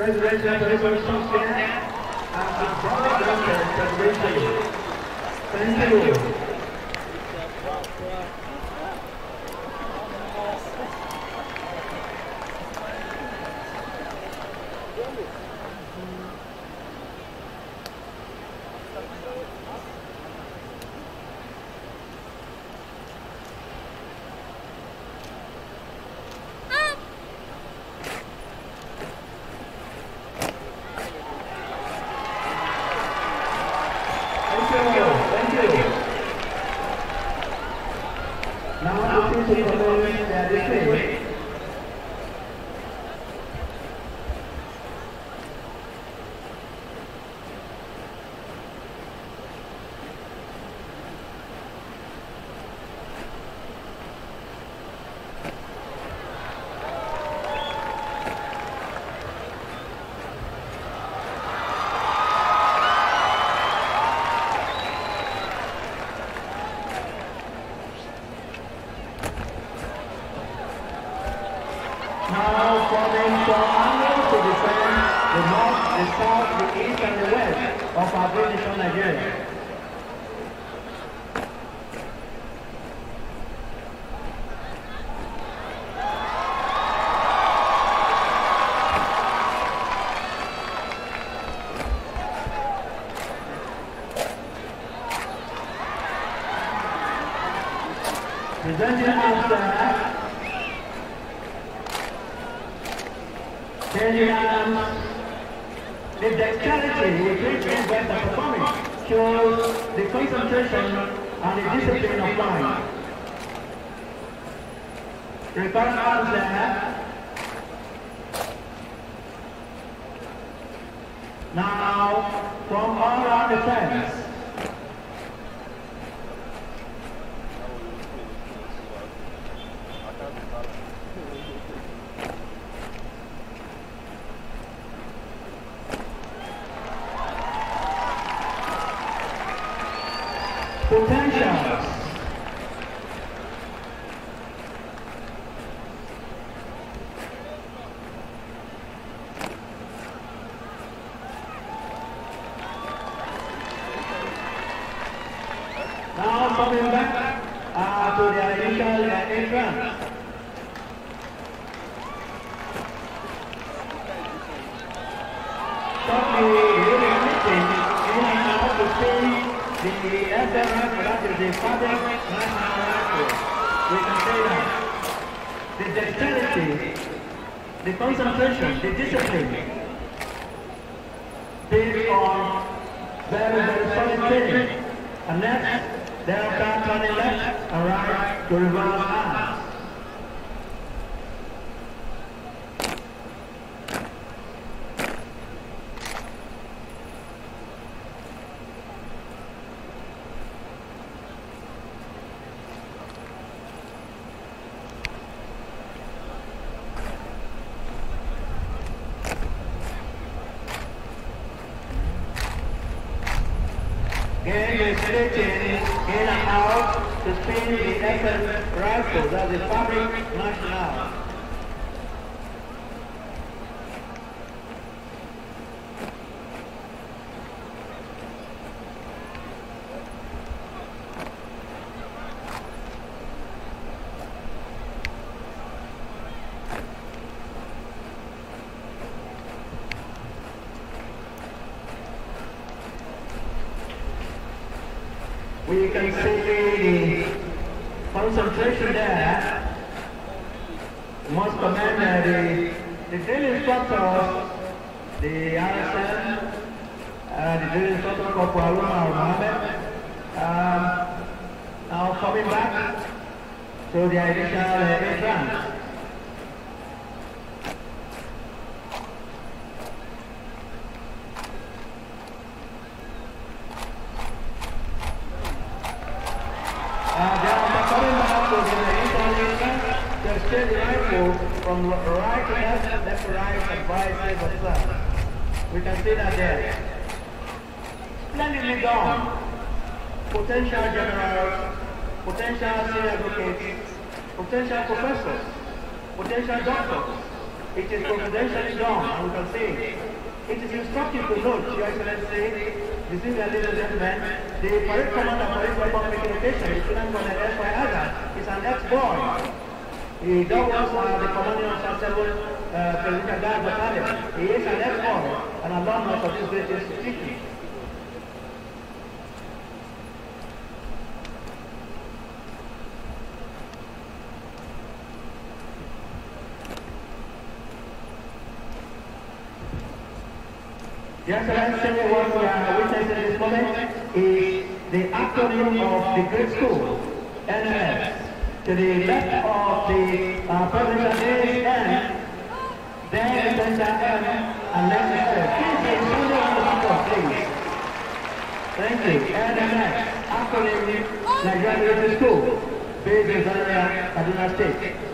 President of the Revolution President of Thank you. Acabou gente. country who will treat men when performing shows the concentration and the discipline of flying. Referring arms there. Now, from all our defense, the the dexterity, the concentration, the discipline, these are very, very solid And next, they are back turning left and right to reverse Here you should have in a house to spend the effort rifles of the fabric national. you the concentration there. must commend the, drill instructors, the RSM, uh, the drill instructor uh, for Kualuma Mohammed. Um, now coming back to the initial uh, jangan pasarin banget tuh ini soalnya just stay right move from right to left, left to right, and vice versa. We can see that there. Splendidly done. Potential generals, potential senior advocates, potential professors, potential doctors. It is confidentially done, and we can see. It is instructive to note, Your Excellency, this is ladies and gentlemen, the parade commander of Police Republic Education, Lieutenant Colonel S. Y. Hazard, is an ex-boy. He that was uh, the commander of Sasebo uh, President Guard Battalion. He is an ex-boy and alumnus of this great city. Just the last thing we want to witness in this moment is the acronym of the great school, NMS. To the left of the uh, president is M, then the center M, and then the L. Please be on the back of please. Thank you. NMS, acronym Nigerian great School, based in Zambia, Kaduna State.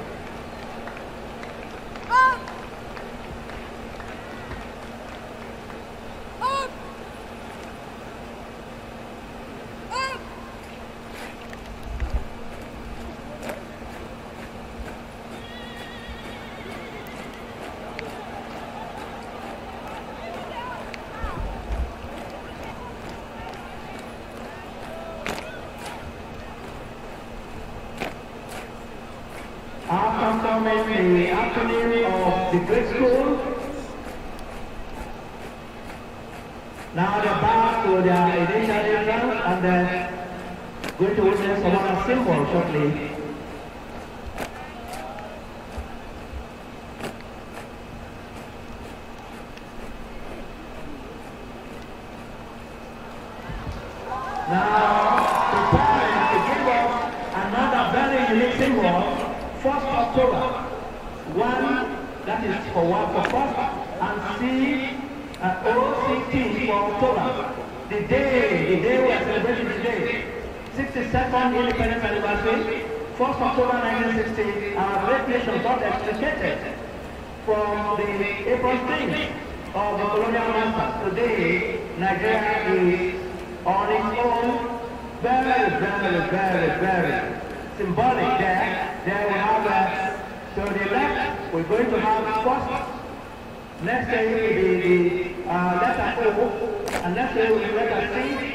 performance in the afternoon of the grade school. Now they're back to their initial area and they're going to witness another symbol shortly. Now, preparing to give another very unique symbol first October. One, that is for one for first, and uh, C, uh, O-C-T for October. The day, the day we are celebrating today, 62nd Independence Anniversary, 1st October 1960, our reputation got extricated from the April Spring of the colonial masters. Today, Nigeria is on its own, very, very, very, very symbolic there. There we have uh, to the left, we're going to have first, next day will be the uh, letter O, and next day will be letter C,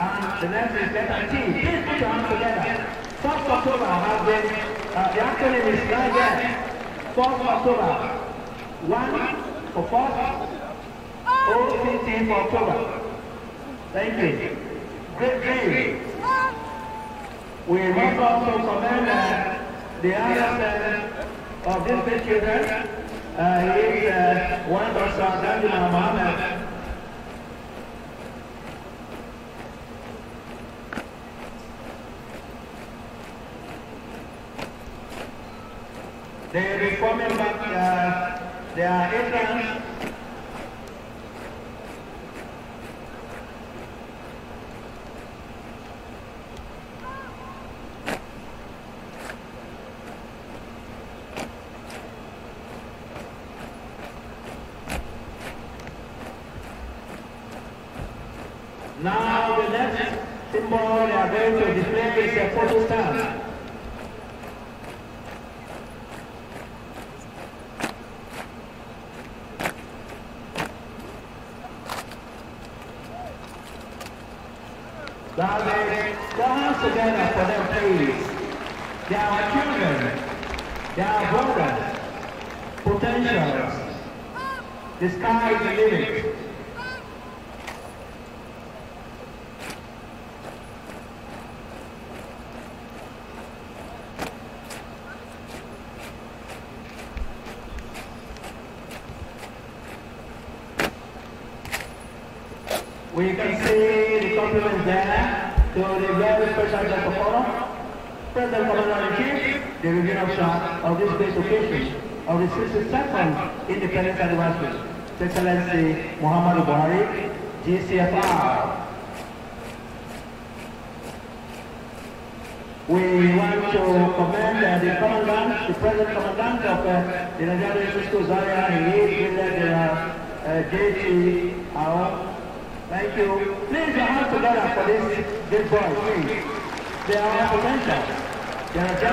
and the next is letter T. Please put your hands together. First October has been, uh, the acronym is right there. First October. One for first, OCT for October. Thank you. Great day. We must also commend the other of this three children uh, is uh, one Dr. Daniel Mohammed. They will be back uh, their entrance Now the next symbol we are going to display is a photo stand. Now they together for them please. They are children. They are brothers. Potentials. The sky is the limit. We can see the compliments there to the very special guest of honor, President Commander-in-Chief, the Regional officer of this great occasion of the 62nd Independence Anniversary, Excellency Muhammad Buhari, GCFR. We want to commend uh, the commandant, the present commandant of uh, the Nigerian Cisco Zaria, he led the uh, uh JT, our Thank you. Please, your hands together for this, this boy, please. They are potential. They are